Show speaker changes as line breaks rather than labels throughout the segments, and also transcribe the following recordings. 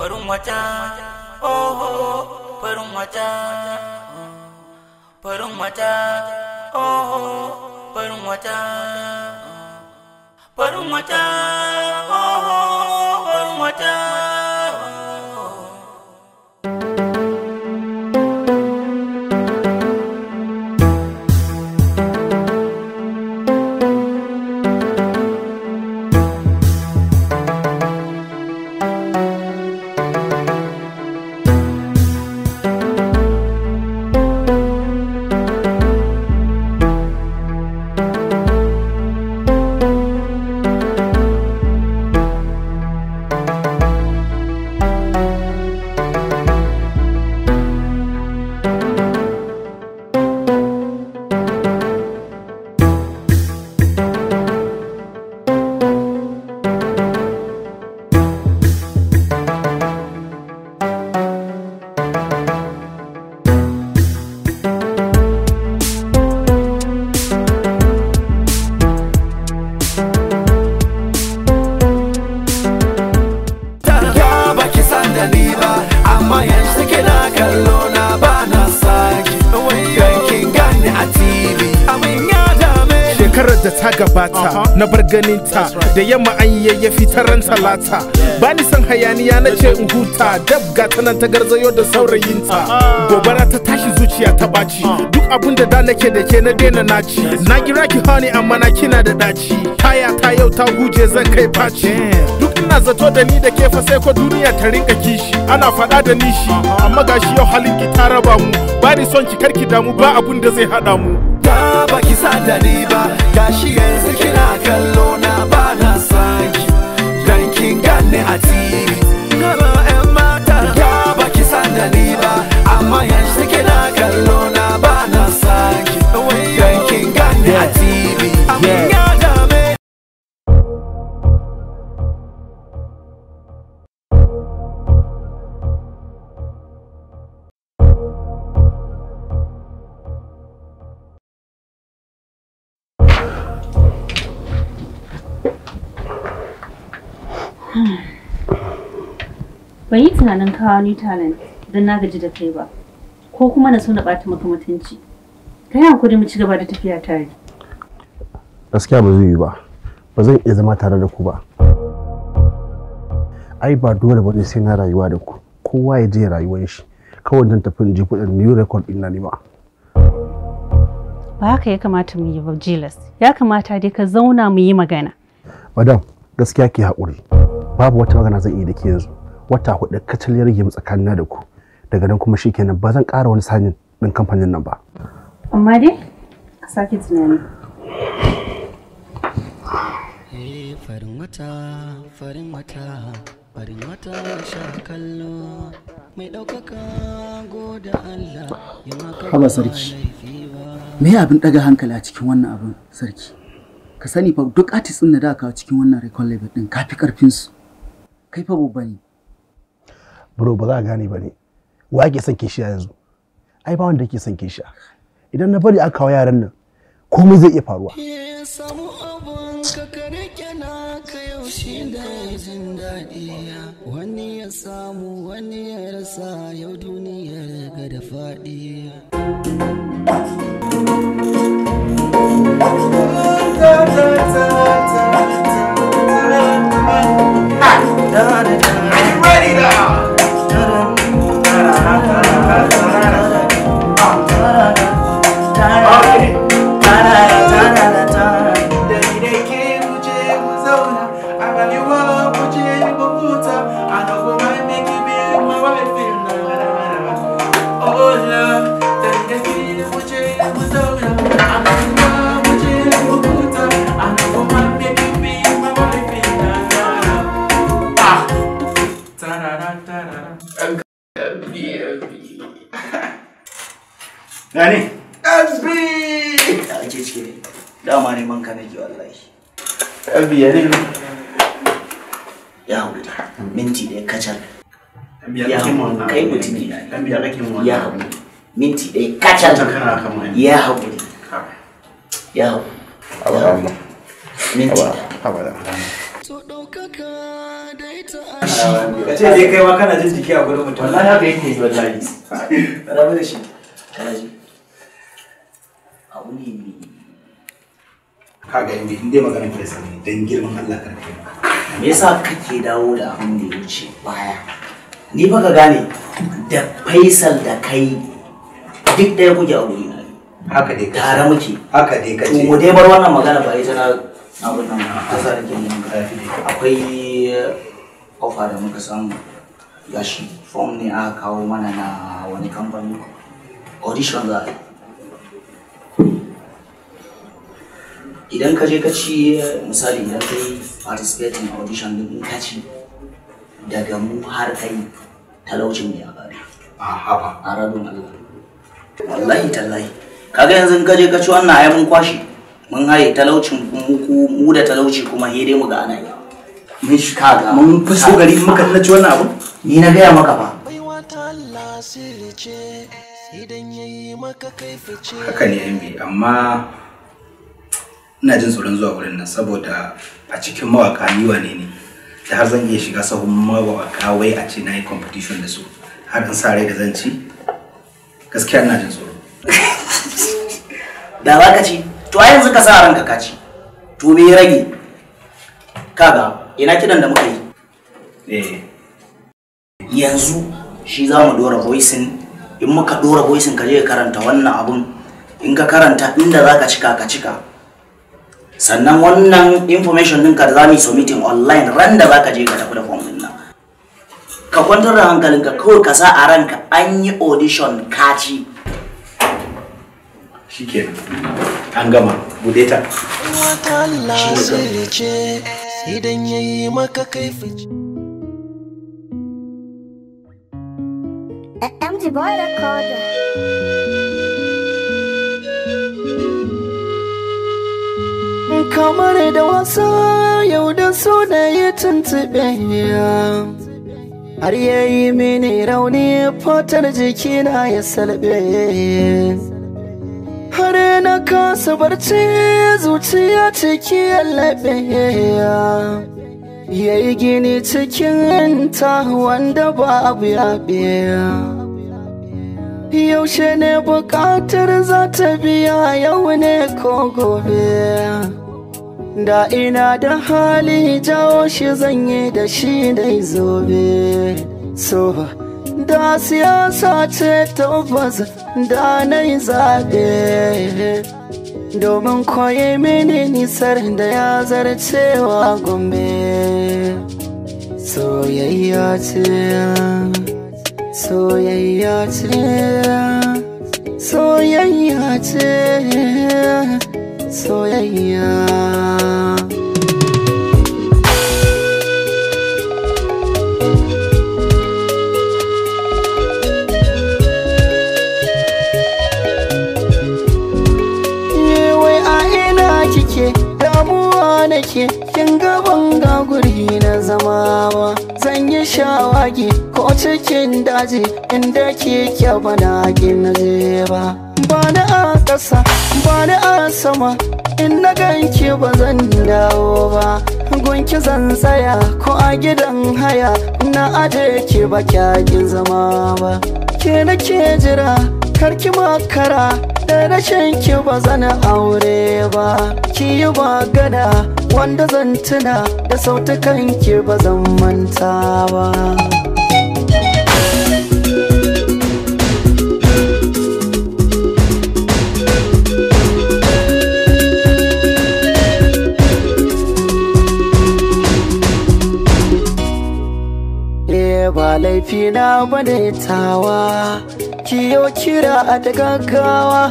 farin wata oho farin
wata farin wata oho farin wata farin wata oho
farin wata
da ta gabata uh-huh. na bar ganin ganinta da yamma an yayyafi ran talata ba ni san hayaniya na ce in huta dab ga ta nan ta garzayo da saurayinta uh-huh. gobara ta tashi zuciya ta baci uh-huh. duk abun da da nake da ke na daina naci na gira ki hani amma na kina da daci taya ta yau ta huje zan kai faci duk ina zato da ni da ke fa sai ko duniya ta rinka kishi ana faɗa da nishi amma gashi yau halin ki ta raba mu ba ni son ki karki damu ba abun da zai hada mu sa da ni ba
gashi yanzu kina kallo na ba na sanki dan kin ganni a ti
tunanin kawo ni talent don na gaji da kai ba ko kuma na so na bata maka mutunci ka yi hankuri mu ci gaba da tafiya tare
gaskiya ba zai yi ba ba zan iya zama tare da ku ba ai ba dole ba ne sai na rayuwa da ku kowa ya je rayuwar shi kawai don tafi in je kudin new record din na nema
ba haka ya kamata mu yi ba jilas ya kamata dai ka zauna mu yi magana
madam gaskiya ke hakuri babu wata magana zan iya da ke yanzu wata hudu kacal ya rage tsakanin da ku daga nan kuma shikenan ba zan ƙara wani sanin ɗin kamfanin nan ba
amma dai ka sake tunani
eh, farin wata
farin wata
farin wata sha kallo mai ɗaukaka goda Allah ya
maka haba sarki me abin ɗaga hankali a cikin wannan abin sarki ka sani fa duk artist din da aka cikin wannan record label din kafi karfin su
kai fa babba ne bro ba za a gane ba ne wa ake son kishiya yanzu ai ba wanda yake son kishiya idan na bari aka kawo yaran nan komai zai iya faruwa wani
ya samu wani ya rasa yau duniyar ga da faɗi Are you ready now?
nani. SB! Da ake cike ne. Dama neman ka nake wallahi. ne? Ya haƙuri. Minti ɗaya kacal. Ya Kai mutum ne. Ya haƙuri. Minti ɗaya kacal. Ya Ya
Ka ce dai kai ma kana jin jiki a mutum. Wallahi haka
yake hakuri ne ka inda inda magana faisal ne dan girman Allah me yasa kake dawo da abin da ya wuce baya ni ba ka gane da faisal da kai duk ɗaya kuke a wuri haka dai tare muke haka dai kace mu dai bar wannan magana ba ita na abin nan kasar ni nan akwai uh, ofa da muka samu gashi form ne aka kawo mana na wani kamfani audition za a idan ka je ka ci misali idan ka yi participating audition din ka ci daga mu har kai talaucin ne a bari a rabin Allah wallahi tallahi kaga yanzu ka je ka ci wannan ayi mun kwashi mun haye talaucin mu mu da talauci kuma hede mu ga ana yi mun shi kaga mun fi so gari ka ci wannan abu ni na gaya maka fa haka ne amma
ina jin tsoron zuwa wurin nan saboda a cikin mawaka ni wane ne da har zan iya shiga sahun mawaka wai a ce na yi competition da su har in sa rai da zan ci
gaskiya ina jin tsoro da za ka ci to a yanzu ka sa ranka ka ci to me ya rage kaga ina kidan da muka yi eh yanzu shi za mu dora voicing in muka dora voicing ka je ka karanta wannan abun in ka karanta inda za ka cika ka cika sannan wannan information ɗinka da za mu yi online ran da za ka je ka tafi da form ɗin ka kwantar da hankalinka kawai ka sa a ranka an yi audition
kaci
shikenan an gama bude ta
idan maka kaifi Boy kamar da wasa yau da so da ya tuntuɓe har ya yi mini rauni fatar jikina ya salbe har na kasa barci zuciya ciki ya laɓe ya yi gini cikin ta wanda ba abu ya biya yaushe ne bukatar za ta biya yau ne ko gobe da ina da hali jawo shi zanye da shi dai zobe so da siyasa ce ta baza da na yi zaɓe domin koyi mini nisar da ya zarcewa gombe soyayya ce soyayya ce soyayya ce soyayya nake kin banga gaguri na zama ba zan yi shawagi ko cikin daji inda ke kyaba gina ba ba a ƙasa bani a sama in na ganki ba zan dawo ba gunki zan tsaya ko a gidan haya na aje ke ba kyakin zama ba ke nake jira karki makara da rashin ki ba zan aure ba ki yi gada wanda zan tuna da sautukan ki ba zan manta ba ba laifi bane tawa kiyo kira a da gaggawa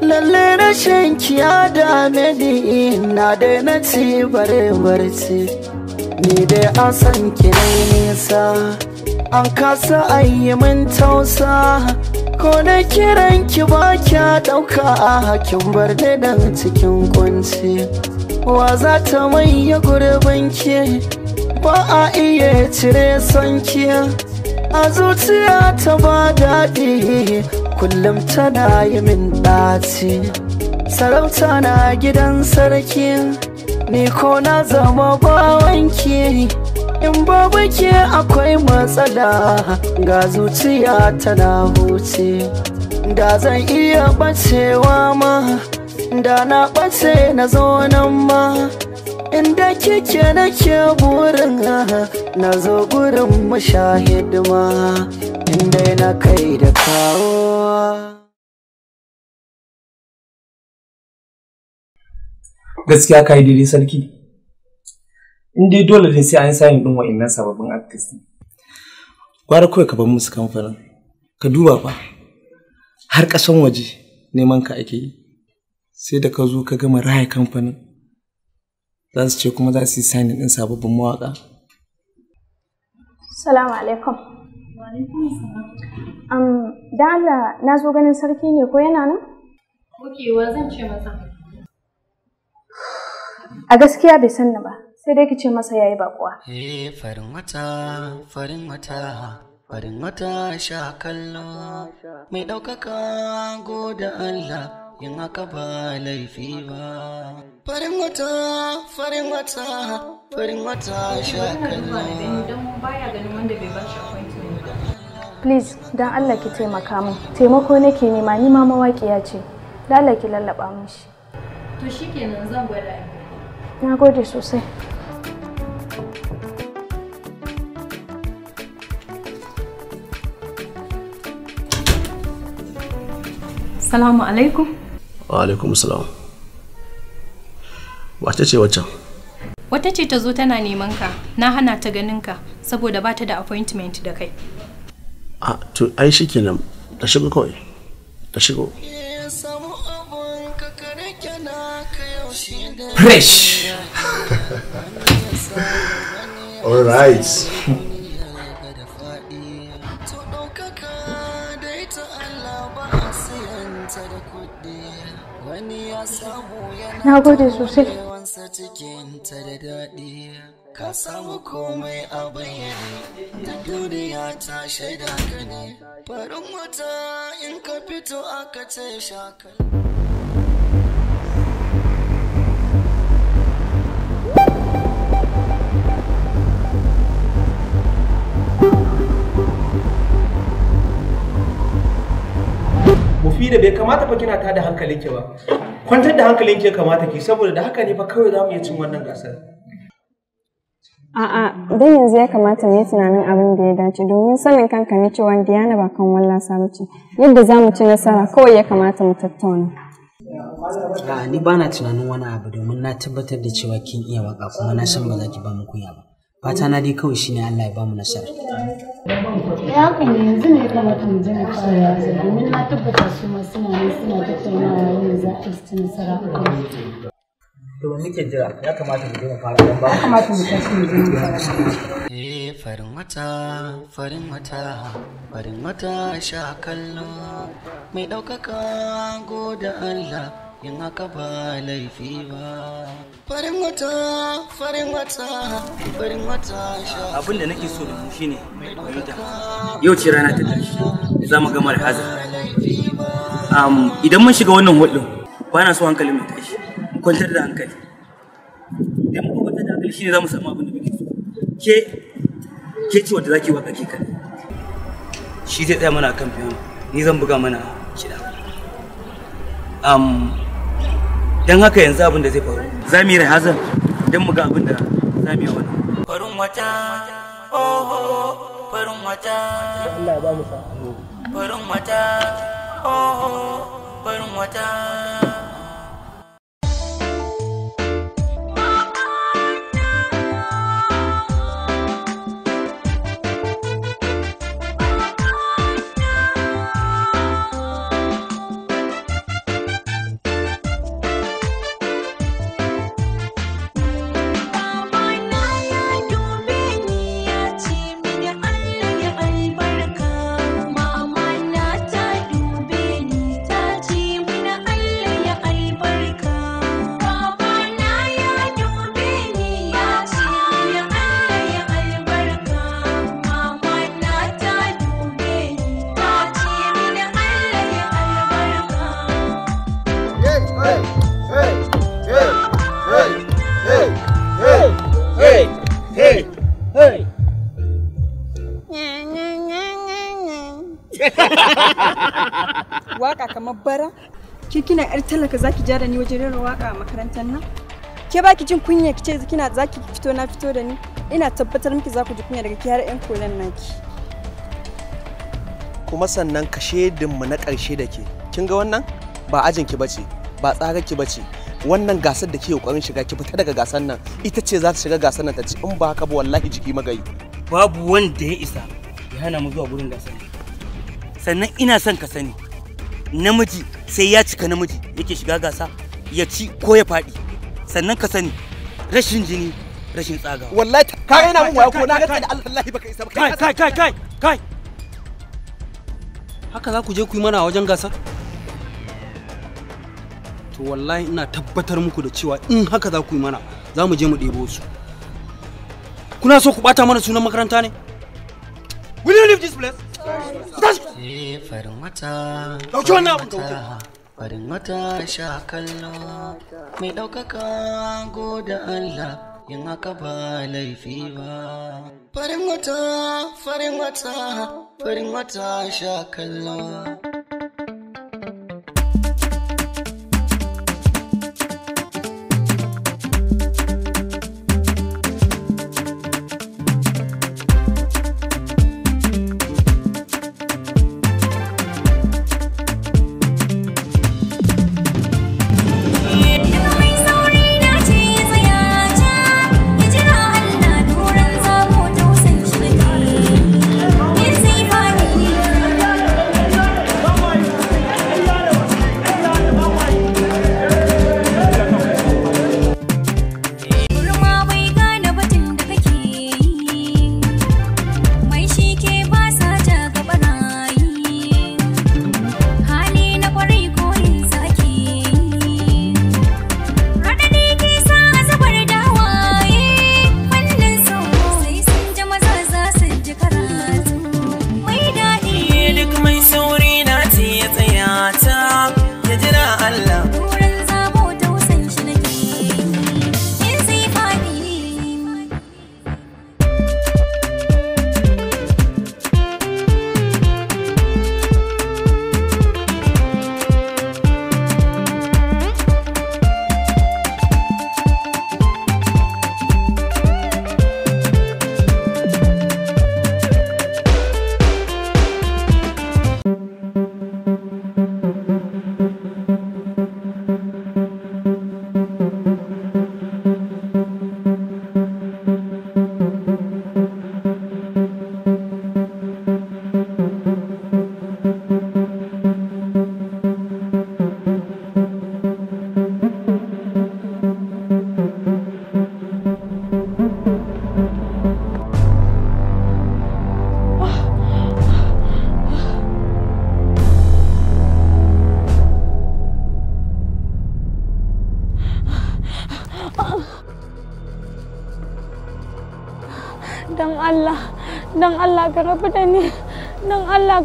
lalle rashin kiya dame ni na daina ci bare barci ni dai an san ki nisa an kasa ayyamin tausa ko na kiran ki ba kya dauka a hakin bar ni cikin kunci wa za ta mai gurbin ki ba a iya cire son kiya a zuciya ta ba daɗi kullum tana yi min ɗaci sarauta na gidan sarki ni ko na zama bawanki in babu ke akwai matsala ga zuciya tana huce da zan iya bacewa ma da na bace na zo nan ma inda kike na ke burin na zo gurin mashahidima inda na kai da kawo
gaskiya kai daidai sarki in dole ne sai an sayin din wa'annan sababbin
artist gwara kawai ka bar musu kamfanin ka duba fa
har ƙasan waje neman ka ake yi sai da ka zo ka gama raya kamfanin za su ce kuma za su yi sani ɗin sababbin mawaƙa.
Salamu alaikum.
Um, da Allah
na zo ganin sarki ne ko yana nan? wa zan ce masa. A gaskiya bai san ni ba, sai dai ki ce masa yi bakuwa.
Eh farin wata, farin wata, farin wata sha kallo, mai ɗaukaka goda Allah. in haka ba laifi ba. Farin wata, farin wata, farin wata shakalla.
baya ganin wanda bai ba ba.
Please, don Allah ki taimaka min. Taimako nake nema, ni ma mawaƙiya ce. Da Allah ki lallaba min shi.
To shikenan zan
gwada.
Na gode sosai.
Assalamu alaikum.
wa alaikum salam wace ce waccan
wata ce ta zo tana neman ka na hana ta ganin ka saboda ba ta da appointment da kai
a to ai kenan ta shigo kawai ta shigo fresh all right
na gode sosai
ka samu komai a bayyane da duniya ta shaida ka ne farin wata in ka fito aka ce shakal
da bai kamata ba kina ta da hankalin ki ba kwantar da hankalin ki kamata ki saboda da
haka ne fa kawai za mu iya cin wannan gasar
a'a dai yanzu ya kamata
mu yi tunanin abin da ya dace domin sanin kanka ne cewa Diana ba kan wallasa ba ce yadda za mu
ci nasara kawai ya kamata mu tattauna
a ni ba na tunanin wani abu domin na tabbatar da cewa kin iya waka kuma na san ba za ki ba mu kuya ba fata na dai kawai shine Allah ya bamu nasara
ya haka ne yanzu ne kana mu je fara domin na tabbata su ma suna ne suna tattaunawa wani za a ci nasara a kan
to ba muke jira ya
kamata mu je mu fara don ba ya kamata mu tashi mu je mu fara eh, farin wata farin wata farin wata sha kallo mai ɗaukaka goda Allah in aka ba laifi ba farin wata farin wata farin wata
abin da nake so da mu shine yau ce rana ta ƙarshe za mu gama da hazar idan mun shiga wannan hudu ba na so hankali mai tashi mu kwantar da hankali idan mu kwantar da hankali shine za mu samu abin da muke so ke ke ci wanda zaki waka ke kai shi zai tsaya mana kan biyu ni zan buga mana kiɗa don haka yanzu abin da zai faru za mu yi rahazan don mu ga abin da za mu yi wani farin wata farin wata Allah ba mu sa farin wata farin wata
kamar bara ki kina yar talaka zaki ja da ni wajen rera waka a makarantar nan
ke baki jin kunya kice kina zaki fito na fito da ni ina tabbatar miki za ku ji kunya daga ki har yan kolan naki
kuma sannan ka mu na ƙarshe da ke kin ga wannan ba ajin ki bace ba tsaga ki bace wannan gasar da ke kokarin
shiga ki fita daga gasar nan ita ce za ta shiga gasar nan ta ci in ba haka ba wallahi jiki magayi babu wanda ya isa ya hana mu zuwa gurin gasar sannan ina son ka sani namiji sai ya cika namiji yake shiga gasa ya ci ko ya faɗi sannan ka sani rashin jini rashin tsaga wallahi
ka ina mun waya ko na ga da Allah
baka isa kai kai kai kai kai haka za ku je ku yi mana wajen gasa to wallahi ina tabbatar muku da cewa in haka za ku yi mana za mu je mu ɗebo su kuna so ku bata mana sunan makaranta ne
will you leave this place farin wata ɗauki wannan abin ka farin wata sha kallo mai ɗaukaka goda Allah yin haka ba laifi ba farin wata farin wata farin wata sha kallo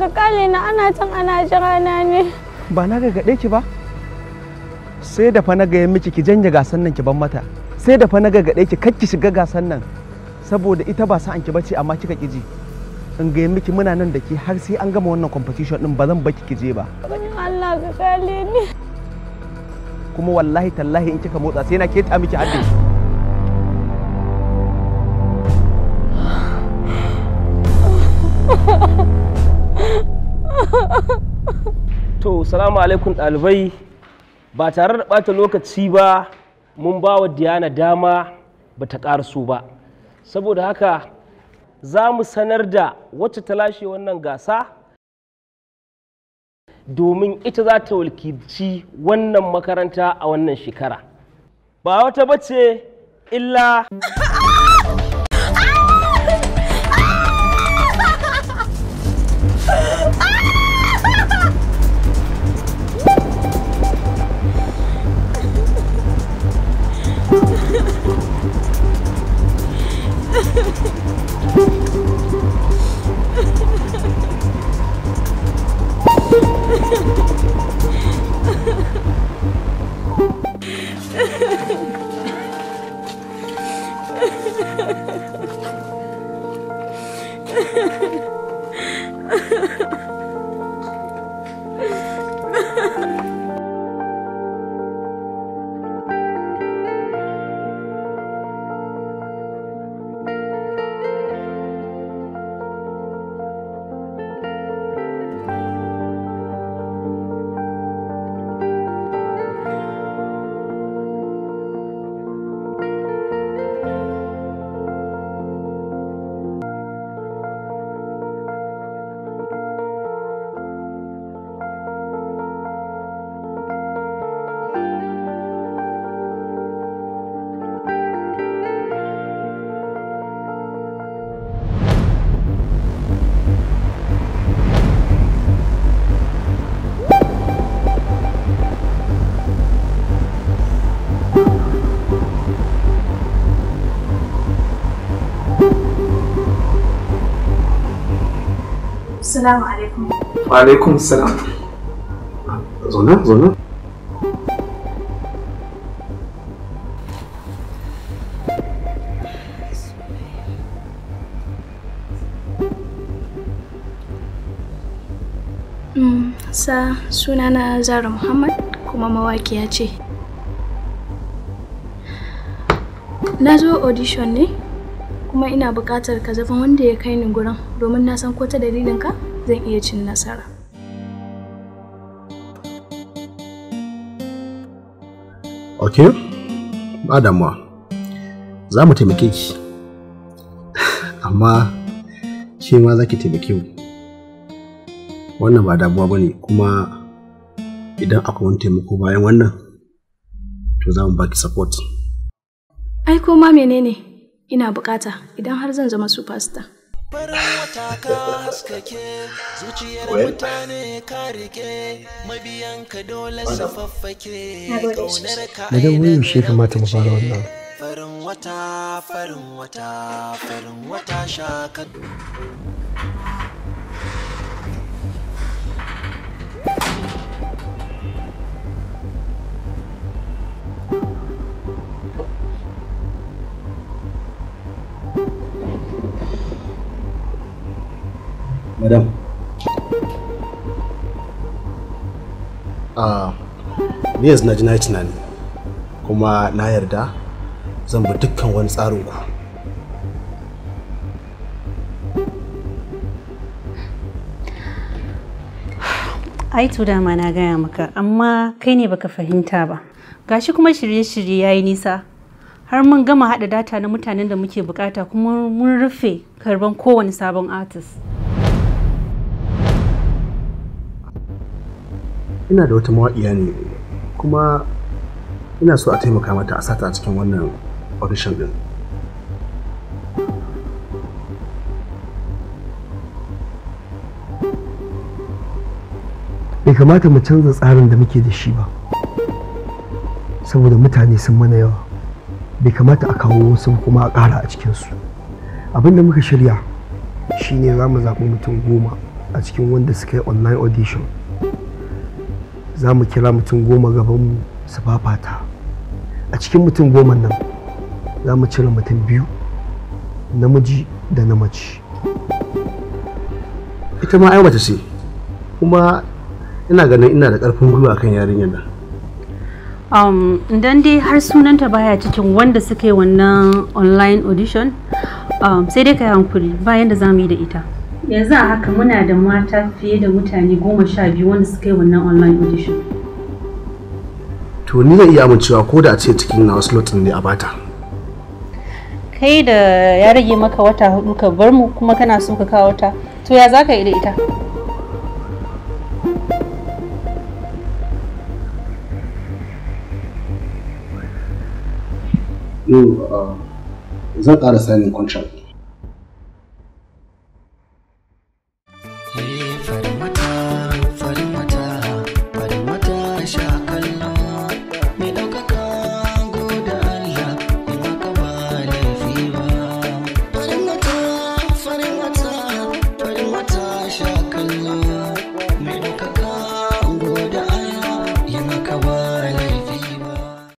ka kale na ana can ana jira na ne
ba na gargaɗe ki ba sai da fa na gaya miki ki janye gasan nan ki ban mata sai da fa na gargaɗe ki kar ki shiga gasan nan saboda ita ba sa'an ki bace amma kika kiji in gaya miki muna nan da ki har sai an gama wannan competition din ba zan baki ki ba
Allah ka kale ni
kuma wallahi tallahi in kika motsa sai na keta miki haddi
to salamu alaikum ɗalibai ba tare da ɓata lokaci ba mun ba wa diana dama ba ta ƙaraso ba saboda haka za mu sanar da wacce ta lashe wannan gasa domin ita za ta walkici wannan makaranta a wannan shekara ba wata bace illa Ha ha ha. Assalamu alaikum.
Wa alaikum salam. Zona, zauna.
Mm, sa sunana Zara Muhammad kuma mawaƙiya ce. Na zo audition ne kuma ina buƙatar ka zafin wanda ya kai ni gurin domin na san ko ta dalilin ka zan iya cin nasara.
Ok, ba damuwa. Za mu taimake ki, amma shi ma za ki taimake mu. Wannan ba damuwa ba ne kuma idan aka wani taimako bayan wannan, to za mu baki support.
Ai, ma menene ina bukata idan har zan zama superstar.
farin wata ka haskake zuciyar mutane ka rike mabiyan ka dole su faffake kaunar
ka a yanar shi kamata mu fara
wannan farin wata farin wata
farin wata shakan madam Ah, ni yanzu na ji na tunani kuma na yarda zan bi dukkan wani tsarinku.
ai to dama na gaya maka amma kai ne baka fahimta ba gashi kuma shirye-shirye ya yi nisa har mun gama haɗa data na mutanen da muke bukata kuma mun rufe karban kowane sabon artist
ina da wata mawaƙiya ne kuma ina so a taimaka mata a sata cikin wannan audition din bai kamata mu canza tsarin da muke da shi ba saboda mutane sun mana yawa bai kamata a kawo wasu kuma a ƙara a cikinsu abin da muka shirya shine za mu zaɓi mutum goma a cikin wanda suka yi online audition za mu kira mutum goma gaban su fafata a cikin mutum goma nan za mu cire mutum biyu namiji da na mace ita ma ai mace ce kuma ina ganin ina da karfin gwiwa kan yarinyar nan
um, dan dai har sunanta baya cikin wanda suka yi wannan online audition um, sai dai ka yi hankuri bayan da za mu yi da ita yanzu a haka muna da mata fiye da mutane goma sha biyu wanda suka yi wannan online audition
to ni zan iya amincewa ko da a ce cikin na wasu lotin ne a bata
kai da ya rage maka wata hudu ka bar mu kuma kana so ka kawo ta to ya ka yi da ita
ah,
zan ƙara sanin contract